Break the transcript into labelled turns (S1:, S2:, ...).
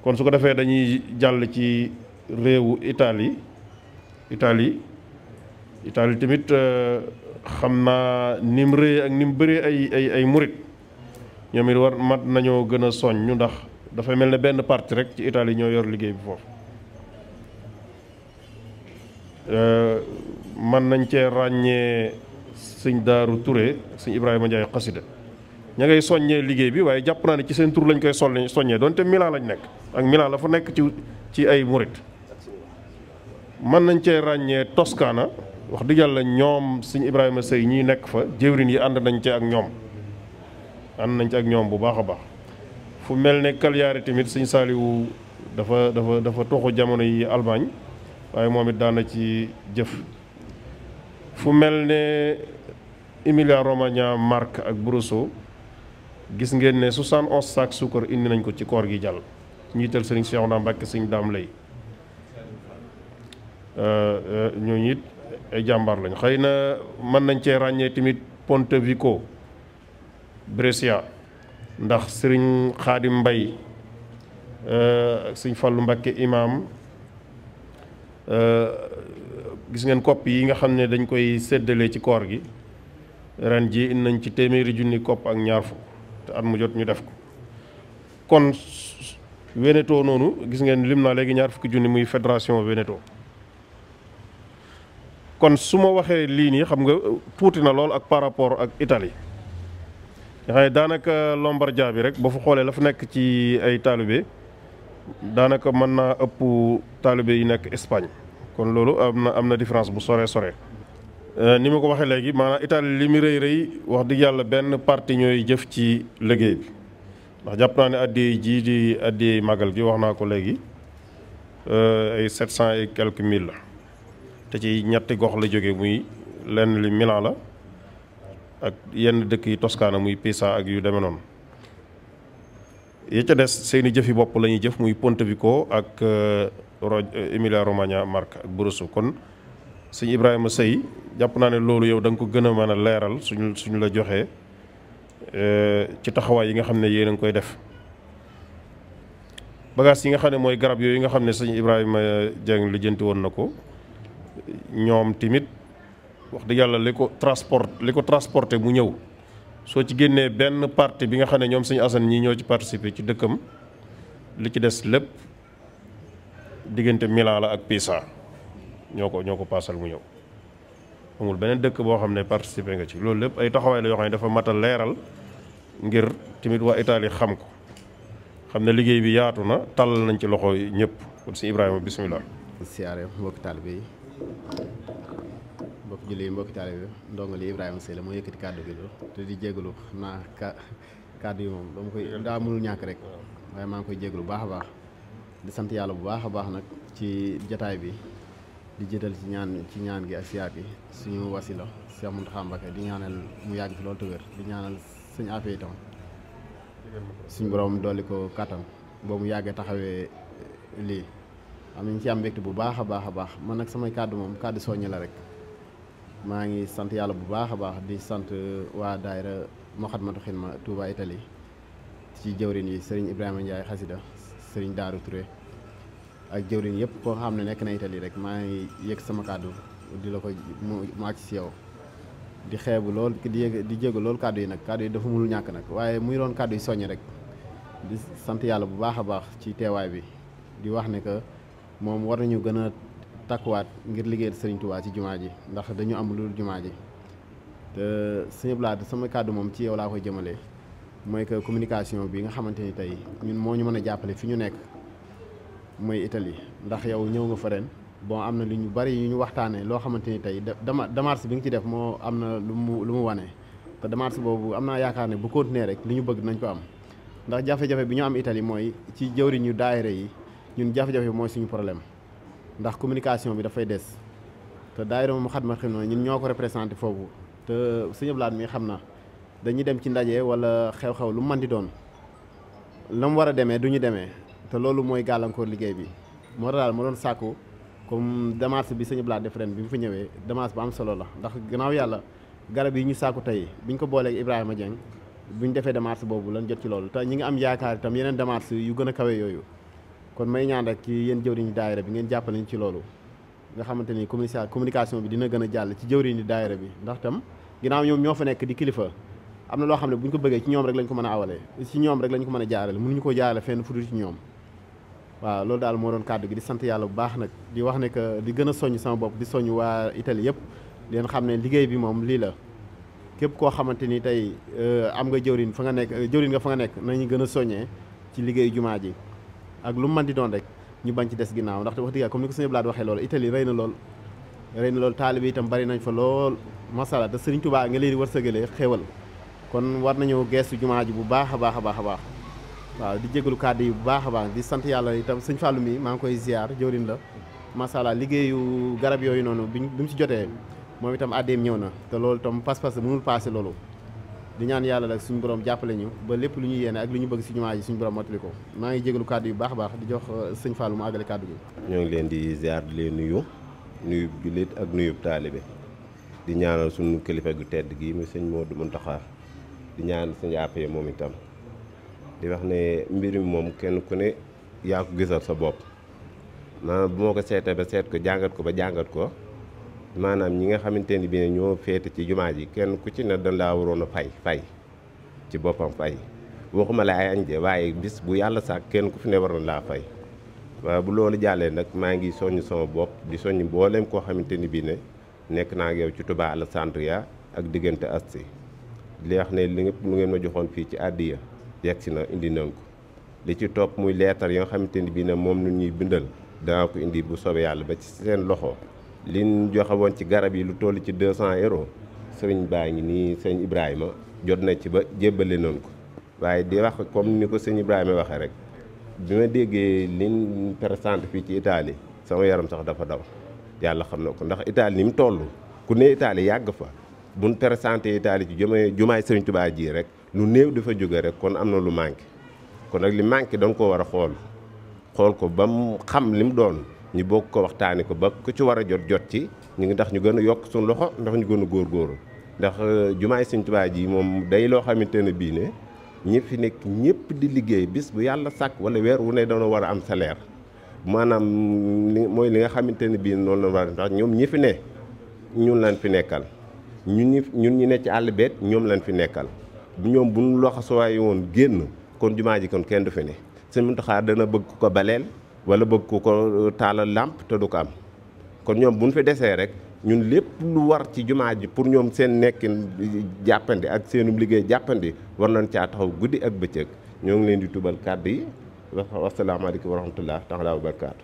S1: kon su ko defee dañuy jàll ci réewu itali itali itali tamit euh, xam naa ni mu ak ni mu bëree ay ay ay murit ñoom it war mat nañoo gën a soññ ndax dafay mel ne benn parti rek ci itali ñoo yor liggéey bi foofu euh, man nañ cee ràññee sëñ Daaru ture sëñ Ibrahima Ndiaye xasida ña ngay soññee liggéey bi waaye jàpp naa ne ci seen tur lañ koy soññee soññee donte Milan lañ nekk ak Milan la fa nekk ci ci ay murit mën nañ cee ràññee toskaana wax dëgg yàlla ñoom suñu Ibrahima Sëy ñii nekk fa jëwrin yi ànd nañ ci ak ñoom ànd nañ ci ak ñoom bu baax a baax fu mel ne Cagliari tamit suñ Saaliwu dafa dafa dafa toxu jamono yi Allemagne waaye moom it daana ci jëf fu mel ne Emilia Romagna Marc ak Brosso gis ngeen ne 71 sacs suukar indi nañ ko ci koor gi jàll njiital sëriñ Cheikhouna Mbacke sëriñ Daam Lay euh, euh, ñooñu it ay jàmbaar lañ xëy na mën nañ cee ràññee tamit Pontevico Brescia ndax sëriñ Xaadim Mbay euh, ak sëriñ Fàllu Mbacke imaam gis ngeen kopp yi nga xam ne dañ koy séddale ci koor gi ren ji indi nañ ci téeméeri junni kopp ak ñaar fukk te at mu jot ñu def ko kon Veneto noonu gis ngeen lim naa léegi ñaar fukki junni muy fédération Veneto kon su ma waxee lii nii xam nga tuuti na lool ak par rapport ak itali nga xam ne daanaka Lombardia bi rek ba fu xoolee la fa nekk ci ay taalibe daanaka mën naa ëpp taalibe yi nekk Espagne kon loolu am na am na différence bu sore sore Euh, ni ma ko waxee léegi maanaam Italie li mu rëy rëy wax dëgg yàlla benn parti ñooy jëf ci liggéey bi ndax jàpp naa ne addiya ji di addiya màggal gi wax naa ko léegi euh, ay sept cent et quelques mille la te ci ñetti gox la jóge muy lenn li Milan la ak yenn dëkk yi Toscana muy Pisa ak yu demee noonu yi ca des seeni jëfi bopp lañuy jëf muy Pontevico ak euh, Emilia Romagna Marche ak Brusque kon sëñ Ibrahima Sëy jàpp naa ne loolu yow da nga ko gën a mën a leeral suñu suñu la joxee eh, ci taxawaay yi nga xam ne yéen a koy def bagages yi nga xam ne mooy garab yooyu nga xam ne sëñ Ibrahima eh, Dieng lijjanti woon na ko ñoom tamit wax dëgg yàlla li ko transport li ko transporté mu ñëw soo ci génnee benn partie bi nga xam ne ñoom sëñ Assane ñii ñoo ci participé ci dëkkam li ci des lépp diggante Milan la ak Pisa. ñoo ko ñoo ko paasal mu ñëw amul beneen dëkk boo xam ne participer nga ci loolu lépp ay taxawaay la yoo xam ne dafa matal leeral ngir tamit waa Italie xam ko xam ne liggéey bi yaatu na tàllal nañ ci loxo ñëpp kon si Ibrahima bisimilah.
S2: siyaare mbokki taalibe yi mbokki julli yi mbokki taalibe ndongo li Ibrahima Seye la moo yëkkati kàddu gi te di jégalu xam naa ka kàddu yi moom dama koy daa mënul ñàkk rek waaye maa ngi koy jégalu bu baax a baax di sant yàlla bu baax a baax nag ci jataay bi. di jëtal ci ñaan ci ñaan gi ak siyaar gi suñu wasila Cheikh Mountakha Mbacké di ñaanal mu yàgg fi loolu te wér di ñaanal suñ affaire itam suñ borom dolli ko kàttan boo mu yàggee taxawee lii am nañ ci am mbégte bu baax a baax a baax man nag samay kàddu moom kàddu soññi la rek maa ngi sant yàlla bu baax a baax di sant waa daayira Moukhaddamatoul Khidma Touba Italie ci jëwrin yi sëriñ Ibrahima Ndiaye xasida sëriñ Daaru Touré ak jëwriñ yëpp koo xam ne nekk na Itali rek maa ngi yëg sama kàddu di la ko mu mu àgg si di xeebu lool di yëg di lool kàddu yi nag kàddu yi dafa mënul ñàkk nag waaye muy doon kàddu yi rek di sant yàlla bu baax a baax ci teewaay bi di wax ne que moom war nañu gën a takkuwaat ngir liggéeyal Sëriñ Tuubaa ci jumaa ji ndax dañu am lu jumaa ji te sëñ Blad sama kàddu moom ci yow laa ko jëmalee mooy que communication bi nga xamante ni tey ñun moo ñu mën a jàppale fi ñu nekk mooy Italie ndax yow ñëw nga fa ren bon am na lu ñu bari yu ñu waxtaanee loo xamante ni tey dama démarche bi nga ci def moo am na lu mu lu mu wane te démarche boobu am naa yaakaar ne bu continuer rek li ñu bëgg nañ ko am ndax jafe-jafe bi ñu am itali mooy ci jëwriñu daayira yi ñun jafe-jafe bi mooy suñu problème ndax communication bi dafay des te daayira mu xat ma xam na ñun ñoo ko représenté foofu te sëñ Ablaat mi xam na dañuy dem ci ndaje wala xew-xew lu mën di doon la war a demee du ñu demee te loolu mooy gàllankoor liggéey bi moo tax daal ma doon sàkku comme démarche bi sëñ Blaat def ren bi mu fa ñewee démarche bu am solo la ndax gannaaw yàlla garab yi ñu sàkku tey bi ñu ko boolee booleeg a Dieng bu ñu defee démarche boobu lan jot ci loolu te ñi ngi am yaakaar itam yeneen démarche yu gën a kawe yooyu kon may ñaan rek ci yéen jëwriñu daayira bi ngeen jàppale ñu ci loolu nga xamante ni communication bi dina gën a jàll ci jëwriñu daayira bi ndax tam ginnaaw ñoom ñoo nekk di kilifa na loo xam ne bu ñu ko bëggee ci ñoom rek lañ ñoom waaw loolu daal moo doon kàddu gi di sant yàlla bu baax nag di wax ne que di gën a soññ sama bopp di soññ waa Italie yëpp leen xam ne liggéey bi moom lii la képp koo xamante ni tey euh, am nga jëwrin fa nga nekk euh, jëwrin nga fa nga nekk nañu gën a soññee ci liggéeyu jumaa ji ak lu man di doon rek ñu bañ ci des ginnaaw ndaxte wax dëgg yàlla comme ni ko laa Blaat waxee loolu Italie rëy na lool rëy na lool taalibe itam bari nañ fa lool masala te Sëriñ Tuubaa nga leen di wërsëgalee xéewal kon war nañoo geestu jumaa ji bu baax a baax a baax a baax waaw di jégalu kàddu yi bu baax a baax di sant yàlla itam sëñ Fallou mi maa ngi koy ziar jëwrin la macha allah liggéeyu garab yooyu noonu bi mu ci jotee moom itam àddeem ñëw na te loolu itam pas-pas mënul passé loolu di ñaan yàlla rek suñ borom jàppale ñu ba lépp lu ñuy yéene ak lu ñu bëgg si jumaa ji suñu borom mottali ko maa ngi jégalu kàddu yu baax a baax di jox euh, sëñ Fallou mu àggale kàddu gi.
S3: ñoo ngi leen di ziar di leen nuyu nuyub jullit ak nuyub taalibe di ñaanal suñu kilifa gu tedd gi mu sëñ Modou Mountakha di ñaan sëñ Afia moom itam di wax ne mbir mi moom kenn ku ne yaa ko gisal sa bopp ma bu ma ko seetee ba seet ko jàngat ko ba jàngat ko maanaam ñi nga xamante ni bi ne ñoo féete ci jumaa ji kenn ku ci ne dañ laa waroon a fay fay ci boppam fay waxuma la ay añde waaye bis bu yàlla saak kenn ku fi ne waroon laa fay waaw bu loolu jàllee nag maa ngi soññ soma bopp di soññ mbooleem koo xamante ni bi ne nekk naa ak yow ci Touba Alessandria ak diggante asti li wax ne li ngeen ma joxoon fii ci àddiya yegsi na indi nañ ko li ci topp muy leetar yoo xamante ni bii ne moom nu ñuy bindal danaa ko indi bu soobee yàlla ba ci seen loxo liñ joxe woon ci garab yi lu toll ci deux cent euros sëriñ baa ngi nii sëñ Ibrahima jot na ci ba jébbale nañ ko waaye di wax comme ni ko sëñ Ibrahima waxee rek bi ma déggee liñ présenté fii ci Italie sama yaram sax dafa daw yàlla xam na ko ndax Italie ni mu toll ku ne Italie yàgg fa buñ présenté Italie ci jumaay jumaay sëriñ Tuubaa ji rek. lu néew fa jóge rek kon am na lu manqué kon nag li manqué da nga ko war a xool xool ko ba mu xam li mu doon ñi bokk ko waxtaanee ko ba ko ci war a jot jot ci ñu ngi tax ñu gën a yokk suñu loxo ndax ñu gën góor góorgóorlu ndax euh, jumaay Sëñ Tuubaa ji moom day loo xamante ne bii ne ñi fi nekk ñëpp di liggéey bis bu yàlla sàkk wala weer wu ne dana war a am salaire maanaam li mooy li nga xamante ne bii noonu la war a ndax ñoom ñi fi ne ñun lañ fi nekkal ñun ñi ñun ñi ne ci àll ñoom lañ fi nekkal. bu ñoom bu ñu loxasuwaay woon génn kon jumaa ji kon kenn du fi ne sëñ Muntaxa dana bëgg ku ko baleel wala bëgg ku ko euh, taalal làmp te du ko am kon ñoom bu ñu fi desee rek ñun lépp lu war ci jumaa ji pour ñoom seen nekkin euh, jàppandi ak seenum liggéey jàppandi war nañ caa taxaw guddi ak bëccëg ñoo ngi leen di tubal kàddu yi wasalaamaaleykum wa rahmatullah taala wa barakaatu